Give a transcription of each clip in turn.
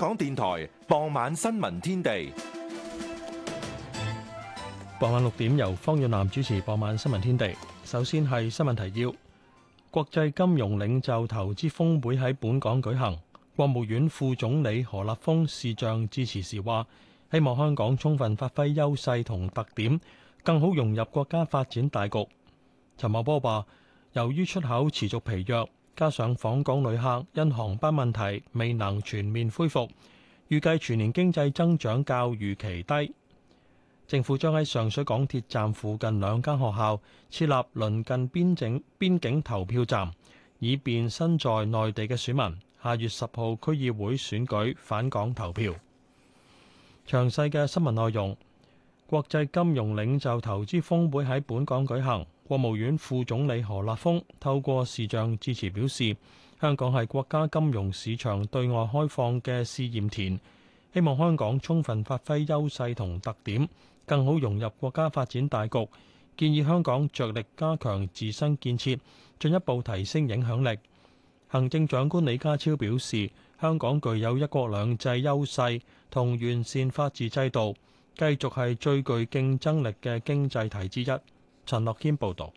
港電台傍晚新聞天地，傍晚六點由方遠南主持。傍晚新聞天地，首先係新聞提要：國際金融領袖投資峰會喺本港舉行，國務院副總理何立峰視像致辭時話，希望香港充分發揮優勢同特點，更好融入國家發展大局。陳茂波話，由於出口持續疲弱，加上訪港旅客因航班問題未能全面恢復，預計全年經濟增長較預期低。政府將喺上水港鐵站附近兩間學校設立鄰近邊境邊境投票站，以便身在內地嘅選民下月十號區議會選舉返港投票。詳細嘅新聞內容。國際金融領袖投資峰會喺本港舉行，國務院副總理何立峰透過視像致詞表示，香港係國家金融市場對外開放嘅試驗田，希望香港充分發揮優勢同特點，更好融入國家發展大局，建議香港着力加強自身建設，進一步提升影響力。行政長官李家超表示，香港具有一國兩制優勢同完善法治制度。繼續係最具競爭力嘅經濟體之一。陳樂軒報導，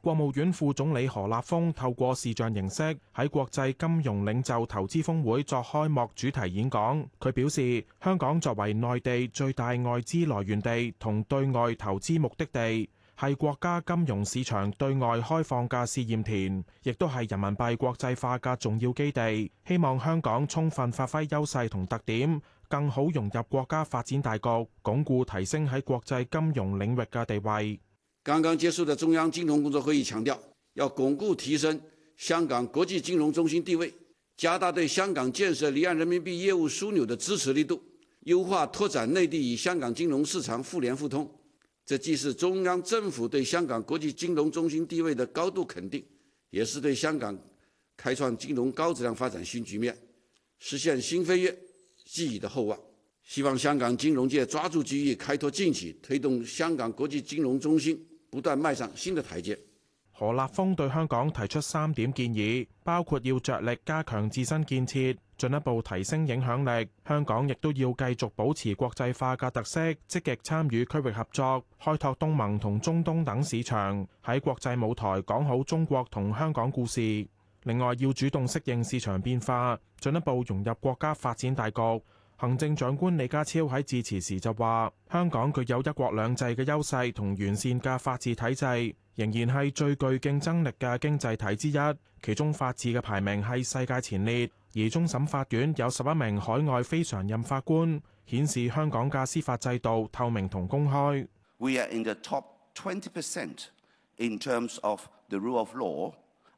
國務院副總理何立峰透過視像形式喺國際金融領袖投資峰會作開幕主題演講。佢表示，香港作為內地最大外資來源地同對外投資目的地，係國家金融市場對外開放嘅試驗田，亦都係人民幣國際化嘅重要基地。希望香港充分發揮優勢同特點。更好融入國家發展大局，鞏固提升喺國際金融領域嘅地位。剛剛結束嘅中央金融工作會議強調，要鞏固提升香港國際金融中心地位，加大對香港建設離岸人民幣業務樞紐的支持力度，優化拓展內地與香港金融市場互聯互通。這既是中央政府對香港國際金融中心地位的高度肯定，也是對香港開創金融高質量發展新局面、實現新飛躍。寄予的厚望，希望香港金融界抓住機遇，開拓進取，推動香港國際金融中心不斷邁上新的台階。何立峰對香港提出三點建議，包括要着力加強自身建設，進一步提升影響力。香港亦都要繼續保持國際化嘅特色，積極參與區域合作，開拓東盟同中東等市場，喺國際舞台講好中國同香港故事。另外，要主動適應市場變化，進一步融入國家發展大局。行政長官李家超喺致辭時就話：香港具有一國兩制嘅優勢同完善嘅法治體制，仍然係最具競爭力嘅經濟體之一。其中，法治嘅排名係世界前列，而終審法院有十一名海外非常任法官，顯示香港嘅司法制度透明同公開。We are in the top twenty percent in terms of the rule of law.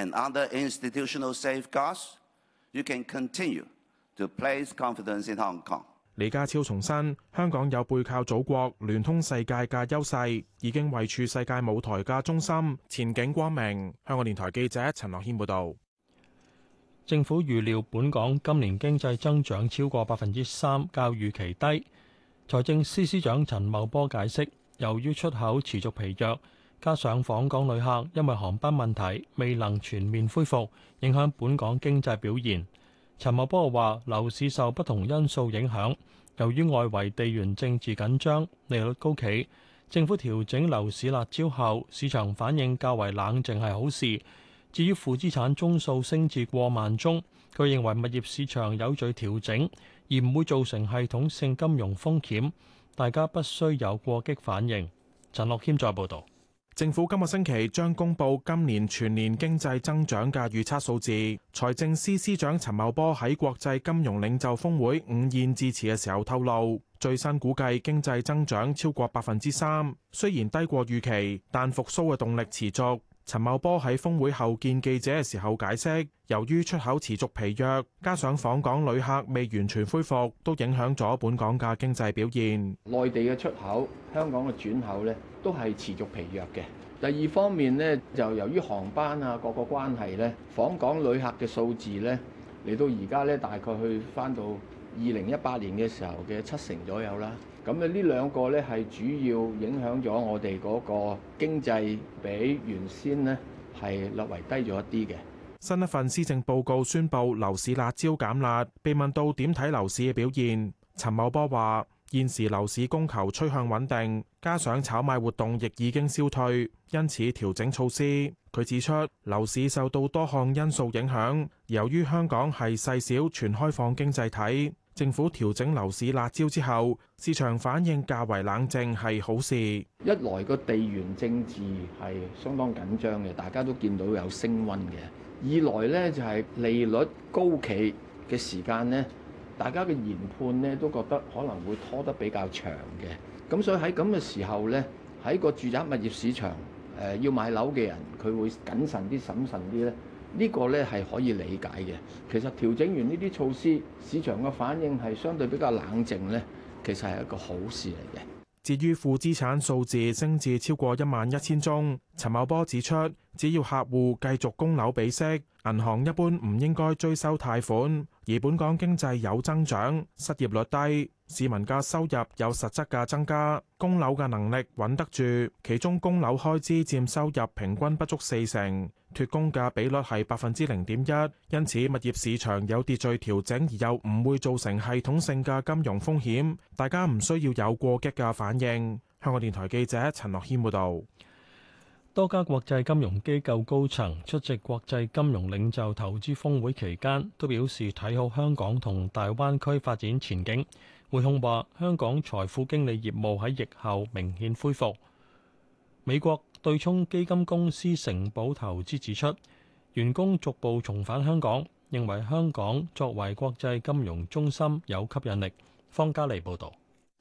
And other institutional safeguards, you can continue to place confidence in Hong Kong. 李家超重申，香港有背靠祖國、聯通世界嘅優勢，已經位處世界舞台嘅中心，前景光明。香港電台記者陳樂軒報導。政府預料本港今年經濟增長超過百分之三，較預期低。財政司司長陳茂波解釋，由於出口持續疲弱。加上訪港旅客因為航班問題未能全面恢復，影響本港經濟表現。陳茂波話：樓市受不同因素影響，由於外圍地緣政治緊張、利率高企，政府調整樓市辣招後，市場反應較為冷靜，係好事。至於負資產宗數升至過萬宗，佢認為物業市場有序調整，而唔會造成系統性金融風險，大家不需有過激反應。陳樂謙再報道。政府今個星期將公布今年全年經濟增長嘅預測數字。財政司司長陳茂波喺國際金融領袖峰會午宴致辭嘅時候透露，最新估計經濟增長超過百分之三，雖然低過預期，但復蘇嘅動力持續。陳茂波喺峰會後見記者嘅時候解釋，由於出口持續疲弱，加上訪港旅客未完全恢復，都影響咗本港嘅經濟表現。內地嘅出口，香港嘅轉口呢，都係持續疲弱嘅。第二方面呢，就由於航班啊各個關係呢，訪港旅客嘅數字呢，嚟到而家呢，大概去返到二零一八年嘅時候嘅七成左右啦。咁呢兩個呢係主要影響咗我哋嗰個經濟，比原先呢係略為低咗一啲嘅。新一份施政報告宣布樓市辣招減辣。被問到點睇樓市嘅表現，陳茂波話：現時樓市供求趨向穩定，加上炒賣活動亦已經消退，因此調整措施。佢指出樓市受到多項因素影響，由於香港係細小全開放經濟體。政府調整樓市辣招之後，市場反應較為冷靜係好事。一來個地緣政治係相當緊張嘅，大家都見到有升溫嘅；二來咧就係利率高企嘅時間咧，大家嘅研判咧都覺得可能會拖得比較長嘅。咁所以喺咁嘅時候咧，喺個住宅物業市場誒要買樓嘅人佢會謹慎啲，審慎啲咧。呢個呢係可以理解嘅。其實調整完呢啲措施，市場嘅反應係相對比較冷靜呢，其實係一個好事嚟嘅。至於負資產數字升至超過一萬一千宗，陳茂波指出，只要客戶繼續供樓比息，銀行一般唔應該追收貸款。而本港經濟有增長，失業率低，市民嘅收入有實質嘅增加，供樓嘅能力穩得住。其中供樓開支佔收入平均不足四成。脱供嘅比率係百分之零點一，因此物業市場有秩序調整，而又唔會造成系統性嘅金融風險。大家唔需要有過激嘅反應。香港電台記者陳樂謙報道。多家國際金融機構高層出席國際金融領袖投資峰會期間，都表示睇好香港同大灣區發展前景。匯控話香港財富經理業務喺疫後明顯恢復。美國。對沖基金公司城堡投資指出，員工逐步重返香港，認為香港作為國際金融中心有吸引力。方家莉報道，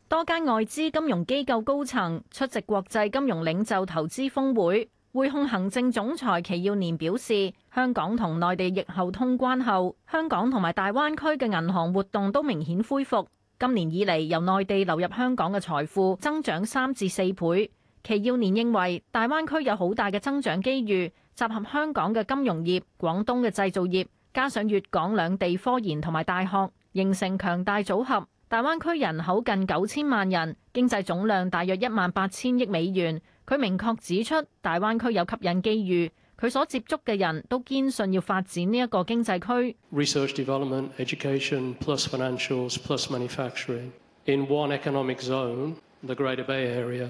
多間外資金融機構高層出席國際金融領袖投資峰會，匯控行政總裁祁耀年表示，香港同內地疫後通關後，香港同埋大灣區嘅銀行活動都明顯恢復。今年以嚟，由內地流入香港嘅財富增長三至四倍。其耀年認為大灣區有好大嘅增長機遇，集合香港嘅金融業、廣東嘅製造業，加上粵港兩地科研同埋大學，形成強大組合。大灣區人口近九千萬人，經濟總量大約一萬八千億美元。佢明確指出，大灣區有吸引機遇。佢所接觸嘅人都堅信要發展呢一個經濟區。Research development, education, plus financials, plus manufacturing, in one economic zone, the Greater Bay Area.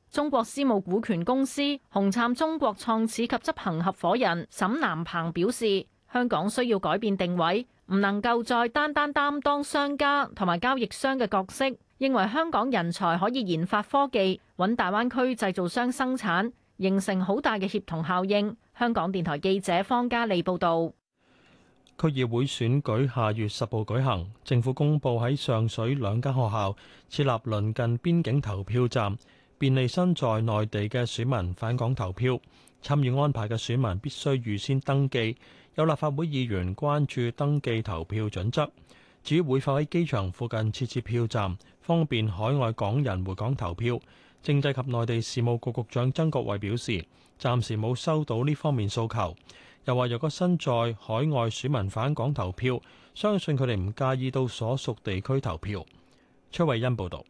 中國私募股權公司紅杉中國創始及執行合夥人沈南鵬表示，香港需要改變定位，唔能夠再單單擔當商家同埋交易商嘅角色。認為香港人才可以研發科技，揾大灣區製造商生產，形成好大嘅協同效應。香港電台記者方嘉利報道。區議會選舉下月十號舉行，政府公布喺上水兩間學校設立鄰近邊境投票站。便利身在內地嘅選民返港投票，參與安排嘅選民必須預先登記。有立法會議員關注登記投票準則。至於會否喺機場附近設置票站，方便海外港人回港投票，政制及內地事務局局局長曾國衛表示，暫時冇收到呢方面訴求。又話，如果身在海外選民返港投票，相信佢哋唔介意到所屬地區投票。崔慧欣報導。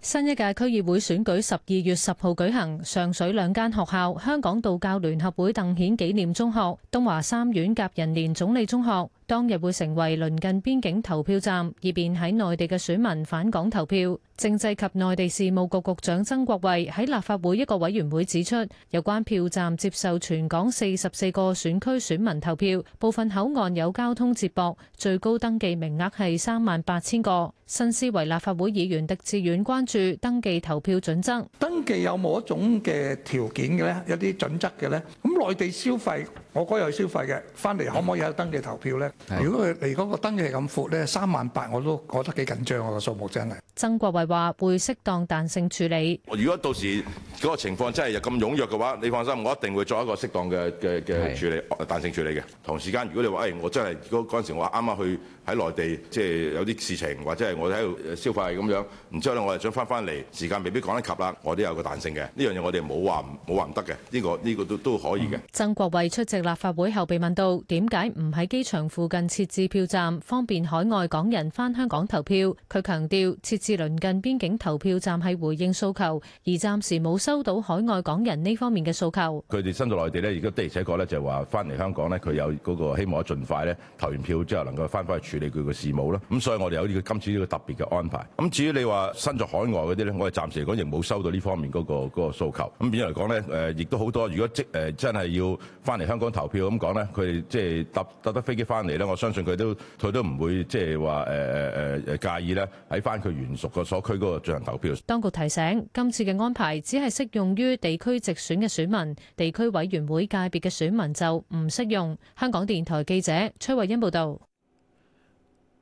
新一屆區議會選舉十二月十號舉行，上水兩間學校、香港道教聯合會鄧顯紀念中學、東華三院甲寅年總理中學。當日會成為鄰近邊境投票站，以便喺內地嘅選民返港投票。政制及內地事務局局長曾國衛喺立法會一個委員會指出，有關票站接受全港四十四個選區選民投票，部分口岸有交通接駁，最高登記名額係三萬八千個。新思維立法會議員狄志遠關注登記投票準則，登記有冇一種嘅條件嘅呢？有啲準則嘅呢？咁內地消費，我嗰日去消費嘅，翻嚟可唔可以有登記投票咧？如果佢嚟嗰個登記係咁闊咧，三萬八我都覺得幾緊張我個數目真係。曾國衛話會適當彈性處理。如果到時嗰個情況真係咁踴躍嘅話，你放心，我一定會作一個適當嘅嘅嘅處理，是彈性處理嘅。同時間，如果你話誒、哎、我真係嗰嗰陣時我啱啱去喺內地，即、就、係、是、有啲事情或者係我喺度消費咁樣，然之後咧我係想翻翻嚟，時間未必趕得及啦，我都有個彈性嘅。呢樣嘢我哋冇話冇話唔得嘅，呢、這個呢、這個都都可以嘅、嗯。曾國衛出席。立法會後被問到點解唔喺機場附近設置票站，方便海外港人翻香港投票？佢強調設置鄰近邊境投票站係回應訴求，而暫時冇收到海外港人呢方面嘅訴求。佢哋身在內地呢亦都的而且確咧就係話翻嚟香港呢，佢有嗰個希望，盡快呢投完票之後能夠翻返去處理佢個事務啦。咁所以我哋有呢個今次呢個特別嘅安排。咁至於你話身在海外嗰啲呢，我哋暫時嚟講亦冇收到呢方面嗰個嗰個訴求。咁變咗嚟講咧，誒，亦都好多，如果即誒真係要翻嚟香港，投票咁講呢，佢哋即係搭搭得飛機翻嚟呢，我相信佢都佢都唔會即係話誒誒誒介意呢，喺翻佢原屬個所區嗰個進行投票。當局提醒，今次嘅安排只係適用於地區直選嘅選民，地區委員會界別嘅選民就唔適用。香港電台記者崔慧欣報道。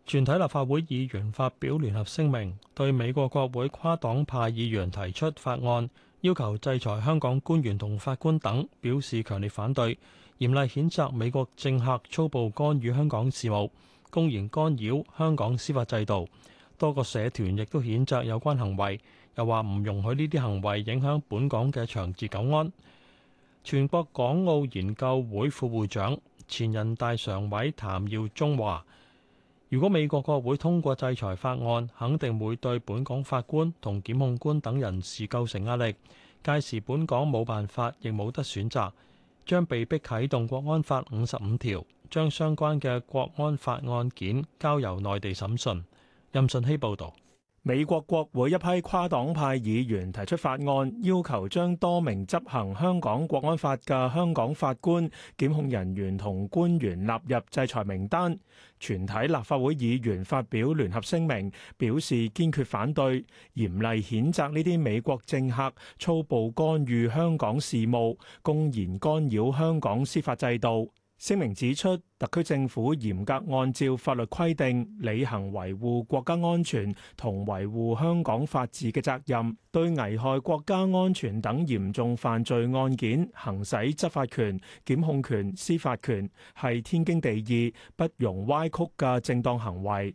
全體立法會議員發表聯合聲明，對美國國會跨黨派議員提出法案，要求制裁香港官員同法官等，表示強烈反對。嚴厲譴責美國政客粗暴干預香港事務，公然干擾香港司法制度。多個社團亦都譴責有關行為，又話唔容許呢啲行為影響本港嘅長治久安。全國港澳研究會副會長、前人大常委譚耀宗話，如果美國國會通過制裁法案，肯定會對本港法官同檢控官等人士構成壓力。屆時本港冇辦法，亦冇得選擇。將被迫啟動國安法五十五條，將相關嘅國安法案件交由內地審訊。任信希報導。美國國會一批跨黨派議員提出法案，要求將多名執行香港國安法嘅香港法官、檢控人員同官員納入制裁名單。全體立法會議員發表聯合聲明，表示堅決反對、嚴厲譴責呢啲美國政客粗暴干預香港事務，公然干擾香港司法制度。聲明指出，特區政府嚴格按照法律規定履行維護國家安全同維護香港法治嘅責任，對危害國家安全等嚴重犯罪案件行使執法權、檢控權、司法權，係天經地義，不容歪曲嘅正當行為。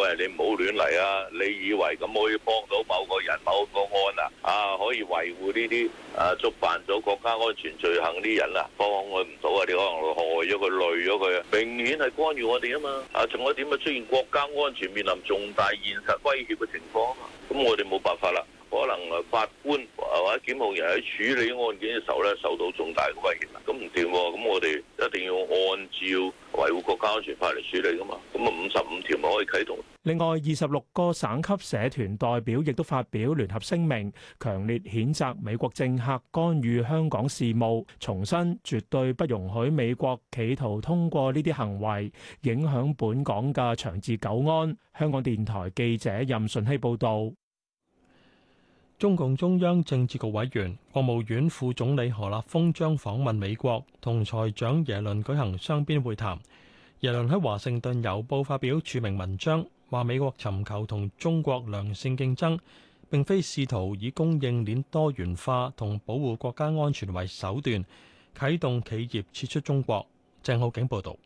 喂，你唔好亂嚟啊！你以為咁可以幫到某個人、某個案啊？啊，可以維護呢啲啊觸犯咗國家安全罪行啲人啊？幫佢唔到啊！你可能害咗佢、累咗佢啊！明顯係干預我哋啊嘛！啊，仲有一點啊，出現國家安全面臨重大現實威脅嘅情況，啊，咁我哋冇辦法啦。可能啊，法官或者檢控人喺處理案件嘅時候咧，受到重大嘅威脅啊，咁唔掂喎，咁我哋一定要按照維護國家安全法嚟處理噶嘛，咁啊五十五條咪可以啟動。另外，二十六個省級社團代表亦都發表聯合聲明，強烈譴責美國政客干預香港事務，重申絕對不容許美國企圖通過呢啲行為影響本港嘅長治久安。香港電台記者任順熙報導。中共中央政治局委員、國務院副總理何立峰將訪問美國，同財長耶倫舉行雙邊會談。耶倫喺華盛頓郵報發表署名文章，話美國尋求同中國良性競爭，並非試圖以供應鏈多元化同保護國家安全為手段，啟動企業撤出中國。鄭浩景報道。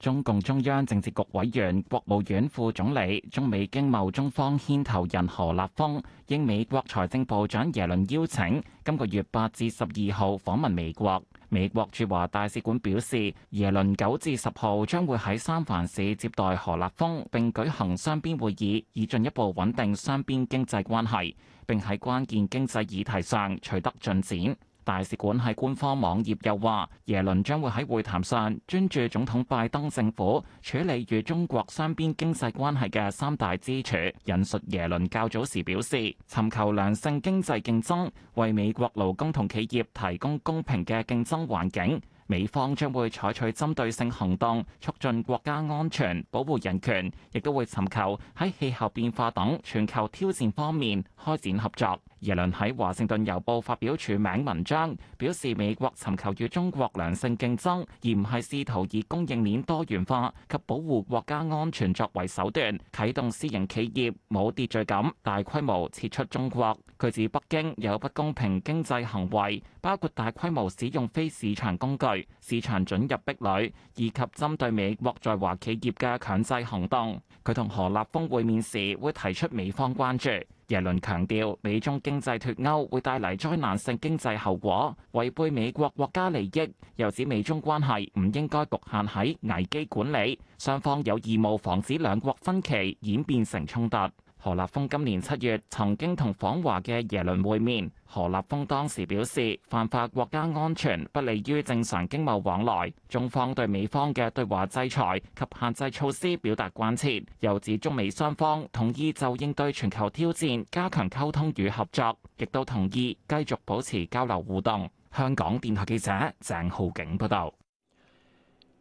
中共中央政治局委員、國務院副總理、中美經貿中方牽頭人何立峰，應美國財政部長耶倫邀請，今個月八至十二號訪問美國。美國駐華大使館表示，耶倫九至十號將會喺三藩市接待何立峰並舉行雙邊會議，以進一步穩定雙邊經濟關係，並喺關鍵經濟議題上取得進展。大使館喺官方網頁又話，耶倫將會喺會談上專注總統拜登政府處理與中國雙邊經濟關係嘅三大支柱。引述耶倫較早時表示，尋求良性經濟競爭，為美國勞工同企業提供公平嘅競爭環境。美方將會採取針對性行動，促進國家安全，保護人權，亦都會尋求喺氣候變化等全球挑戰方面開展合作。耶倫喺華盛頓郵報發表署名文章，表示美國尋求與中國良性競爭，而唔係試圖以供應鏈多元化及保護國家安全作為手段，啟動私營企業冇秩序感、大規模撤出中國。佢指北京有不公平經濟行為，包括大規模使用非市場工具、市場准入壁壘以及針對美國在華企業嘅強制行動。佢同何立峰會面時會提出美方關注。耶倫強調，美中經濟脫鉤會帶嚟災難性經濟後果，違背美國國家利益。又指美中關係唔應該局限喺危機管理，雙方有義務防止兩國分歧演變成衝突。何立峰今年七月曾經同訪華嘅耶倫會面。何立峰當時表示，犯法國家安全不利於正常經貿往來，中方對美方嘅對華制裁及限制措施表達關切，又指中美雙方同意就應對全球挑戰加強溝通與合作，亦都同意繼續保持交流互動。香港電台記者鄭浩景報道。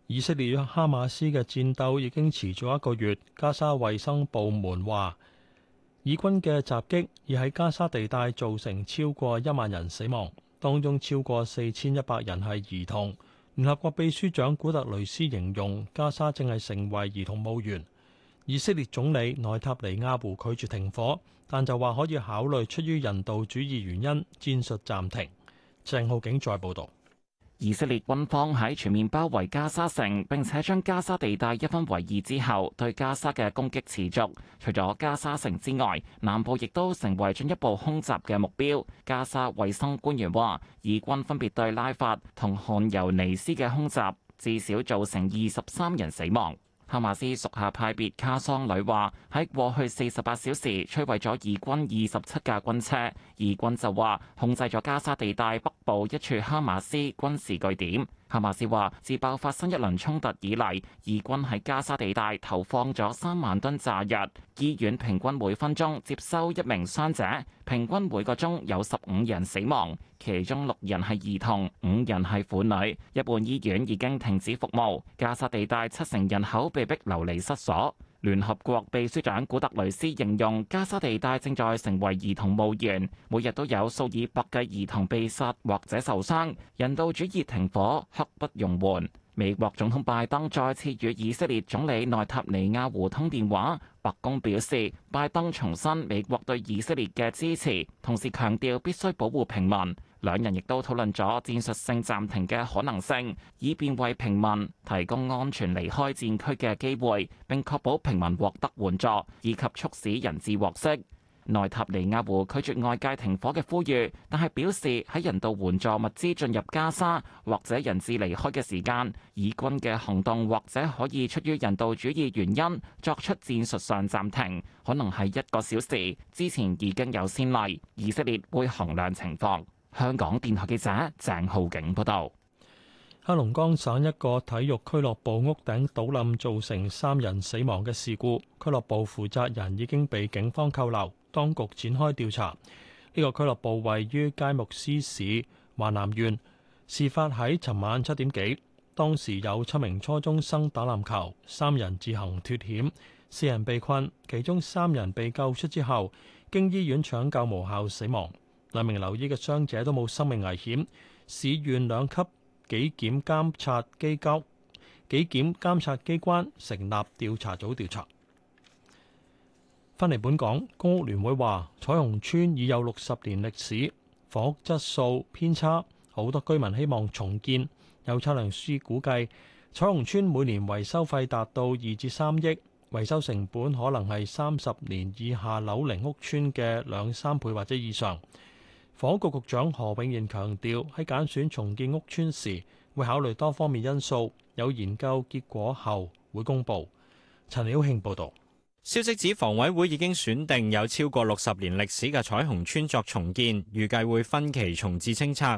以色列哈馬斯嘅戰鬥已經持續一個月。加沙衛生部門話。以軍嘅襲擊已喺加沙地帶造成超過一萬人死亡，當中超過四千一百人係兒童。聯合國秘書長古特雷斯形容加沙正係成為兒童墓園。以色列總理內塔尼亞胡拒絕停火，但就話可以考慮，出於人道主義原因戰術暫停。鄭浩景再報道。以色列軍方喺全面包圍加沙城，並且將加沙地帶一分為二之後，對加沙嘅攻擊持續。除咗加沙城之外，南部亦都成為進一步空襲嘅目標。加沙衛生官員話，以軍分別對拉法同汗尤尼斯嘅空襲，至少造成二十三人死亡。哈馬斯屬下派別卡桑旅話，喺過去四十八小時摧毀咗以軍二十七架軍車，以軍就話控制咗加沙地帶北部一處哈馬斯軍事據點。哈馬斯話：自爆發新一輪衝突以嚟，義軍喺加沙地帶投放咗三萬噸炸藥，醫院平均每分鐘接收一名傷者，平均每個鐘有十五人死亡，其中六人係兒童，五人係婦女。一半醫院已經停止服務，加沙地帶七成人口被迫流離失所。聯合國秘書長古特雷斯形容加沙地帶正在成為兒童墓園，每日都有數以百計兒童被殺或者受傷。人道主義停火刻不容緩。美國總統拜登再次與以色列總理內塔尼亞胡通電話，白宮表示拜登重申美國對以色列嘅支持，同時強調必須保護平民。兩人亦都討論咗戰術性暫停嘅可能性，以便為平民提供安全離開戰區嘅機會，並確保平民獲得援助，以及促使人質獲釋。內塔尼亞胡拒絕外界停火嘅呼籲，但係表示喺人道援助物資進入加沙，或者人質離開嘅時間，以軍嘅行動或者可以出於人道主義原因作出戰術上暫停，可能係一個小時。之前已經有先例，以色列會衡量情況。香港電台記者鄭浩景報道：黑龍江省一個體育俱樂部屋頂倒冧，造成三人死亡嘅事故。俱樂部負責人已經被警方扣留，當局展開調查。呢、這個俱樂部位於佳木斯市華南縣，事發喺尋晚七點幾。當時有七名初中生打籃球，三人自行脫險，四人被困，其中三人被救出之後，經醫院搶救無效死亡。兩名留醫嘅傷者都冇生命危險。市縣兩級紀檢監察機構、紀檢監察機關成立調查組調查。翻嚟本港，公屋聯會話：彩虹村已有六十年歷史，房屋質素偏差，好多居民希望重建。有測量師估計，彩虹村每年維修費達到二至三億，維修成本可能係三十年以下樓齡屋邨嘅兩三倍或者以上。房屋局局長何永賢強調，喺揀選重建屋邨時，會考慮多方面因素，有研究結果後會公布。陳曉慶報道，消息指房委會已經選定有超過六十年歷史嘅彩虹邨作重建，預計會分期重置清拆。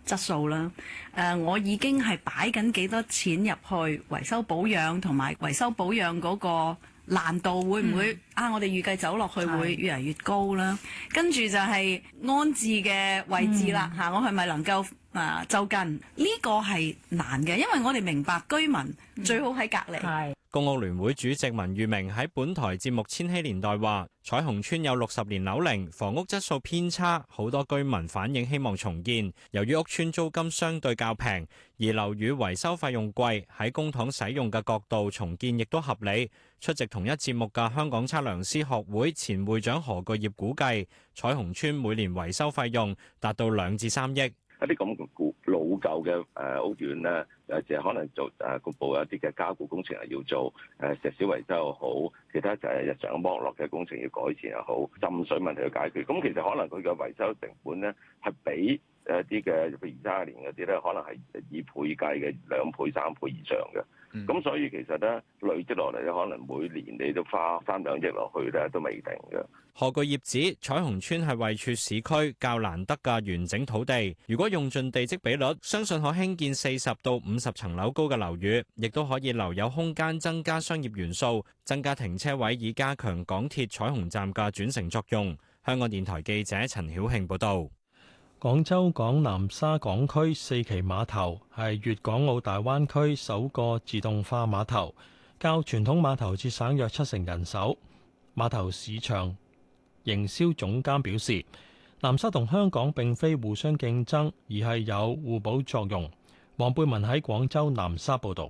質素啦，誒、呃，我已經係擺緊幾多錢入去維修保養，同埋維修保養嗰個難度會唔會、嗯、啊？我哋預計走落去會越嚟越高啦。跟住是就係安置嘅位置啦，嚇、嗯啊，我係咪能夠啊就近？呢個係難嘅，因為我哋明白居民最好喺隔離。嗯公屋聯會主席文裕明喺本台節目《千禧年代》話：彩虹村有六十年樓齡，房屋質素偏差，好多居民反映希望重建。由於屋村租金相對較平，而樓宇維修費用貴，喺公帑使用嘅角度，重建亦都合理。出席同一節目嘅香港測量師學會前會長何巨業估計，彩虹村每年維修費用達到兩至三億。一啲咁嘅估。舊嘅誒屋苑咧，誒就可能做誒局部一啲嘅加固工程係要做，誒石屎維修又好，其他就係日常嘅剝落嘅工程要改善又好，浸水問題要解決。咁其實可能佢嘅維修成本咧係比，一啲嘅譬如二三年嗰啲咧，可能係以倍計嘅兩倍、三倍以上嘅。咁所以其實咧累積落嚟可能每年你都花三兩億落去咧，都未定嘅。何巨業指彩虹村係位處市區較難得嘅完整土地，如果用盡地積比率，相信可興建四十到五十層樓高嘅樓宇，亦都可以留有空間增加商業元素，增加停車位，以加強港鐵彩虹站嘅轉乘作用。香港電台記者陳曉慶報道。廣州港南沙港區四期碼頭係粵港澳大灣區首個自動化碼頭，較傳統碼頭節省約七成人手。碼頭市場營銷總監表示，南沙同香港並非互相競爭，而係有互補作用。黃貝文喺廣州南沙報道。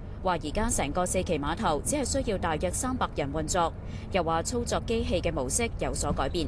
話而家成個四期碼頭只係需要大約三百人運作，又話操作機器嘅模式有所改變。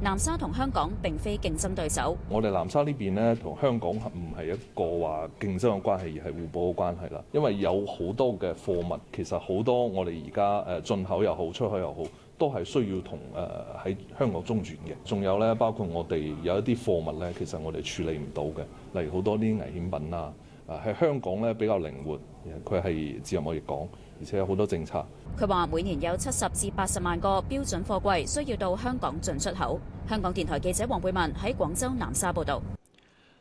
南沙同香港並非競爭對手。我哋南沙呢邊呢，同香港唔係一個話競爭嘅關係，而係互補嘅關係啦。因為有好多嘅貨物，其實好多我哋而家誒進口又好，出口又好，都係需要同誒喺香港中轉嘅。仲有呢，包括我哋有一啲貨物呢，其實我哋處理唔到嘅，例如好多啲危險品啊。啊，喺香港呢，比較靈活，佢係自由貿易港，而且有好多政策。佢話每年有七十至八十萬個標準貨櫃需要到香港進出口。香港電台記者黃貝文喺廣州南沙報導。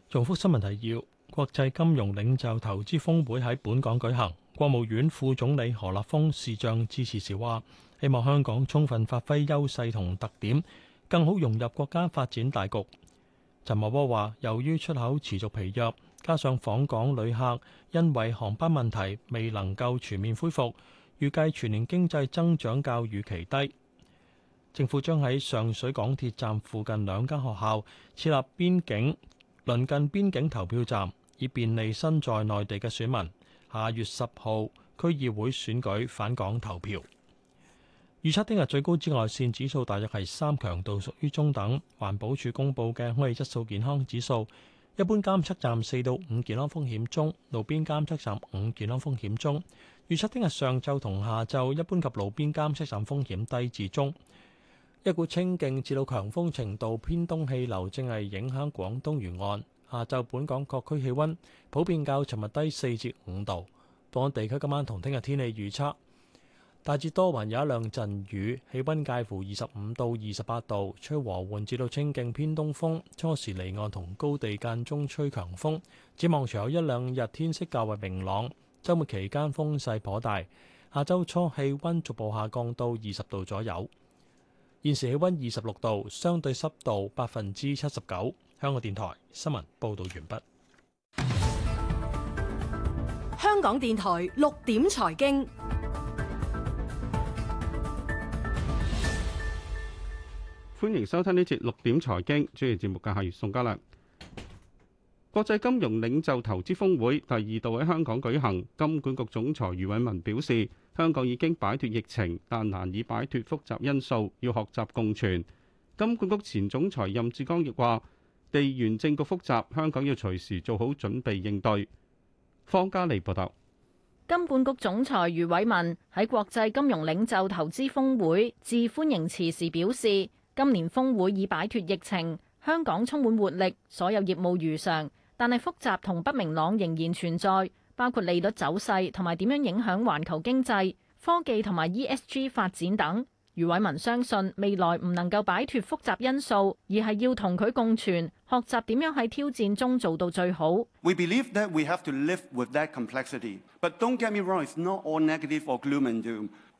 重複新聞提要：國際金融領袖投資峰會喺本港舉行，國務院副總理何立峰視像支持時話，希望香港充分發揮優勢同特點，更好融入國家發展大局。陳茂波話：由於出口持續疲弱。加上訪港旅客因為航班問題未能夠全面恢復，預計全年經濟增長較預期低。政府將喺上水港鐵站附近兩間學校設立邊境鄰近邊境投票站，以便利身在內地嘅選民，下月十號區議會選舉返港投票。預測聽日最高紫外線指數大約係三強度，屬於中等。環保署公佈嘅空氣質素健康指數。一般監測站四到五健康風險中，路邊監測站五健康風險中。預測聽日上晝同下晝一般及路邊監測站風險低至中。一股清勁至到強風程度偏東氣流正係影響廣東沿岸。下晝本港各區氣温普遍較尋日低四至五度。本港地區今晚同聽日天氣預測。大致多雲有一兩陣雨，氣温介乎二十五到二十八度，吹和緩至到清勁偏東風，初時離岸同高地間中吹強風。展望隨有一兩日天色較為明朗，周末期間風勢頗大，下周初氣温逐步下降到二十度左右。現時氣温二十六度，相對濕度百分之七十九。香港電台新聞報道完畢。香港電台六點財經。歡迎收聽呢節六點財經專題節目，主持嘅係宋家良。國際金融領袖投資峰會第二度喺香港舉行。金管局總裁余偉文表示，香港已經擺脱疫情，但難以擺脱複雜因素，要學習共存。金管局前總裁任志剛亦話，地緣政局複雜，香港要隨時做好準備應對。方嘉利報道。金管局總裁余偉文喺國際金融領袖投資峰會致歡迎詞時表示。今年峯會已擺脱疫情，香港充滿活力，所有業務如常，但係複雜同不明朗仍然存在，包括利率走勢同埋點樣影響環球經濟、科技同埋 ESG 發展等。余偉文相信未來唔能夠擺脱複雜因素，而係要同佢共存，學習點樣喺挑戰中做到最好。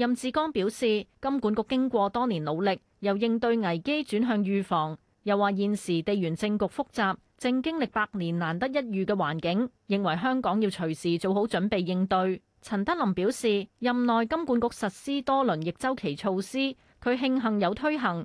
任志剛表示，金管局經過多年努力，由應對危機轉向預防。又話現時地緣政局複雜，正經歷百年難得一遇嘅環境，認為香港要隨時做好準備應對。陳德霖表示，任內金管局實施多輪逆周期措施，佢慶幸有推行。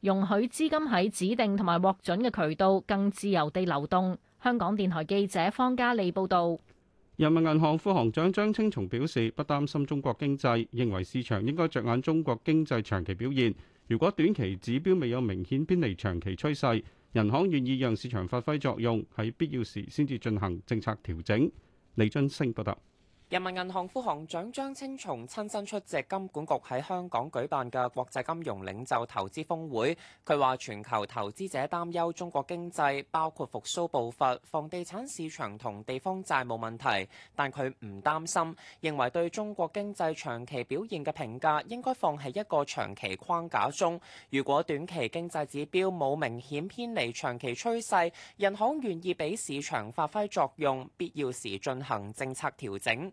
容許資金喺指定同埋獲准嘅渠道更自由地流動。香港電台記者方嘉莉報道，人民銀行副行長張青松表示，不擔心中國經濟，認為市場應該着眼中國經濟長期表現。如果短期指標未有明顯偏離長期趨勢，人行願意讓市場發揮作用，喺必要時先至進行政策調整。李俊星報道。人民銀行副行長張青松親身出席金管局喺香港舉辦嘅國際金融領袖投資峰會，佢話全球投資者擔憂中國經濟，包括復蘇步伐、房地產市場同地方債務問題，但佢唔擔心，認為對中國經濟長期表現嘅評價應該放喺一個長期框架中。如果短期經濟指標冇明顯偏離長期趨勢，人行願意俾市場發揮作用，必要時進行政策調整。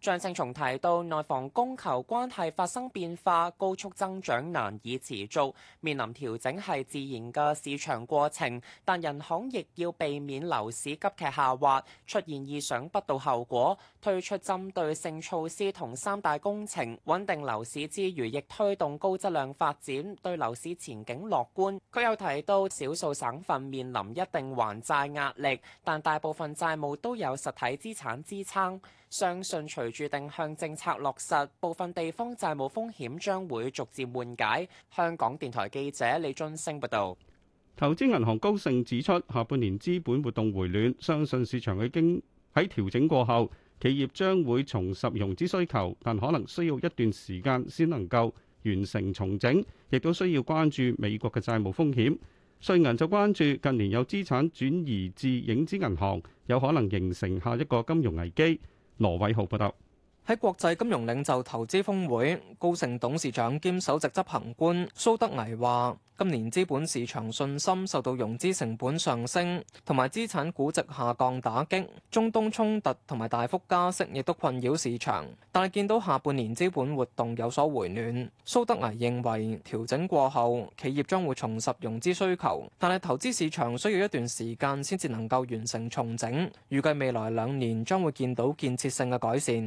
張青松提到，內房供求關係發生變化，高速增長難以持續，面臨調整係自然嘅市場過程，但人行亦要避免樓市急劇下滑，出現意想不到後果，推出針對性措施同三大工程，穩定樓市之餘，亦推動高質量發展，對樓市前景樂觀。佢又提到，少數省份面臨一定還債壓力，但大部分債務都有實體資產支撐。相信隨住定向政策落實，部分地方債務風險將會逐漸緩解。香港電台記者李晉升報道，投資銀行高盛指出，下半年資本活動回暖，相信市場已經喺調整過後，企業將會重拾融資需求，但可能需要一段時間先能夠完成重整。亦都需要關注美國嘅債務風險，瑞銀就關注近年有資產轉移至影子銀行，有可能形成下一個金融危機。羅偉豪報道，喺國際金融領袖投資峰會，高盛董事長兼首席執行官蘇德巍話。今年資本市場信心受到融資成本上升同埋資產估值下降打擊，中東衝突同埋大幅加息亦都困擾市場但係見到下半年資本活動有所回暖。蘇德危認為調整過後企業將會重拾融資需求，但係投資市場需要一段時間先至能夠完成重整，預計未來兩年將會見到建設性嘅改善。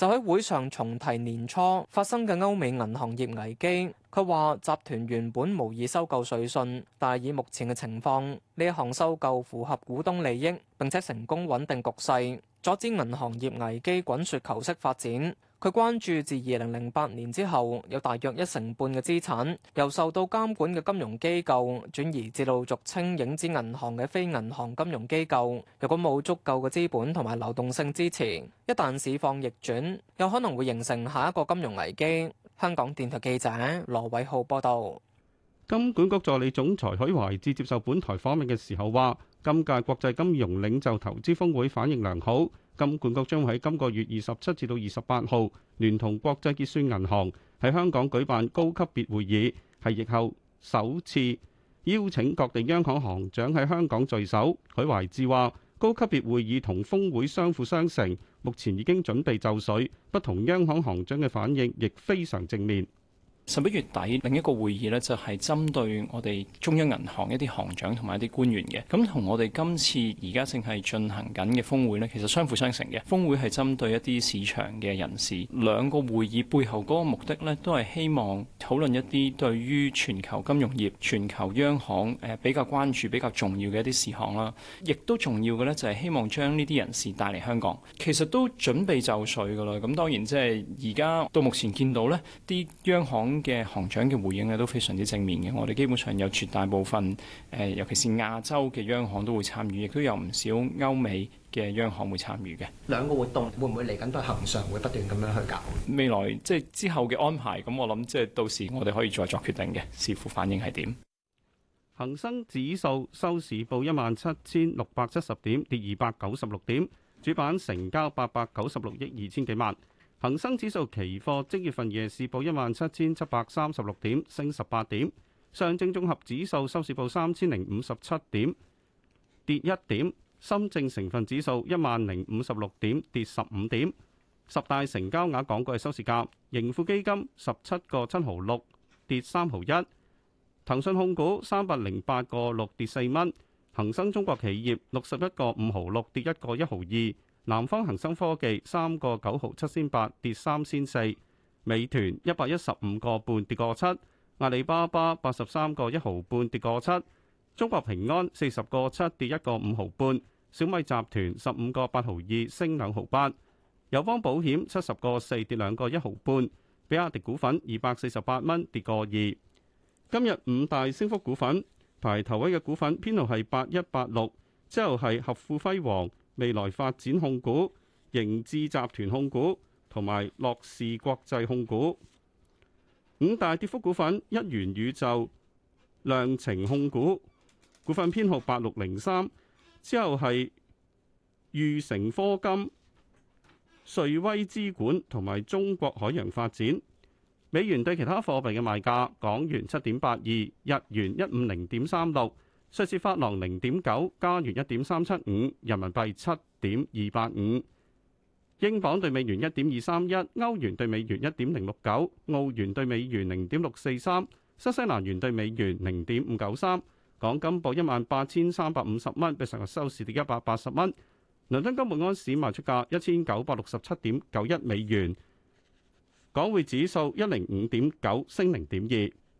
就喺會上重提年初發生嘅歐美銀行業危機。佢話集團原本無意收購瑞信，但係以目前嘅情況，呢一項收購符合股東利益，並且成功穩定局勢，阻止銀行業危機滾雪球式發展。佢關注自二零零八年之後，有大約一成半嘅資產由受到監管嘅金融機構轉移至到俗稱影子銀行嘅非銀行金融機構。如果冇足夠嘅資本同埋流動性支持，一旦市況逆轉，有可能會形成下一個金融危機。香港電台記者羅偉浩報道。金管局助理總裁許懷志接受本台訪問嘅時候話：今屆國際金融領袖投資峰會反應良好。金管局將喺今個月二十七至到二十八號，聯同國際結算銀行喺香港舉辦高級別會議，係疫後首次邀請各地央行行長喺香港聚首。許懷志話，高級別會議同峰會相輔相成，目前已經準備就緒，不同央行行長嘅反應亦非常正面。十一月底另一個會議呢，就係針對我哋中央銀行一啲行長同埋一啲官員嘅。咁同我哋今次而家正係進行緊嘅峰會呢，其實相輔相成嘅。峰會係針對一啲市場嘅人士，兩個會議背後嗰個目的呢，都係希望討論一啲對於全球金融業、全球央行誒比較關注、比較重要嘅一啲事項啦。亦都重要嘅呢，就係希望將呢啲人士帶嚟香港，其實都準備就緒噶啦。咁當然即係而家到目前見到呢啲央行嘅行長嘅回應咧都非常之正面嘅，我哋基本上有絕大部分，誒、呃、尤其是亞洲嘅央行都會參與，亦都有唔少歐美嘅央行會參與嘅。兩個活動會唔會嚟緊都係恆常會不斷咁樣去搞？未來即係、就是、之後嘅安排，咁我諗即係到時我哋可以再作決定嘅，視乎反應係點。恒生指數收市報一萬七千六百七十點，跌二百九十六點，主板成交八百九十六億二千幾萬。恒生指數期貨即月份夜市報一萬七千七百三十六點，升十八點。上證綜合指數收市報三千零五十七點，跌一點。深證成分指數一萬零五十六點，跌十五點。十大成交額港股嘅收市價，盈富基金十七個七毫六，跌三毫一。騰訊控股三百零八個六，跌四蚊。恒生中國企業六十一個五毫六，跌一個一毫二。南方恒生科技三個九毫七仙八跌三仙四，美團一百一十五個半跌個七，阿里巴巴八十三個一毫半跌個七，中國平安四十個七跌一個五毫半，小米集團十五個八毫二升兩毫八，友邦保險七十個四跌兩個一毫半，比亞迪股份二百四十八蚊跌個二。今日五大升幅股份排頭位嘅股份編號係八一八六，之後係合富輝煌。未來發展控股、盈智集團控股同埋樂視國際控股。五大跌幅股份：一元宇宙、量程控股，股份編號八六零三，之後係御成科金、瑞威資管同埋中國海洋發展。美元對其他貨幣嘅賣價：港元七點八二，日元一五零點三六。瑞士法郎零點九，加元一點三七五，人民幣七點二八五，英鎊對美元一點二三一，歐元對美元一點零六九，澳元對美元零點六四三，新西蘭元對美元零點五九三。港金報一萬八千三百五十蚊，比上日收市跌一百八十蚊。倫敦金本安市賣出價一千九百六十七點九一美元。港匯指數一零五點九，升零點二。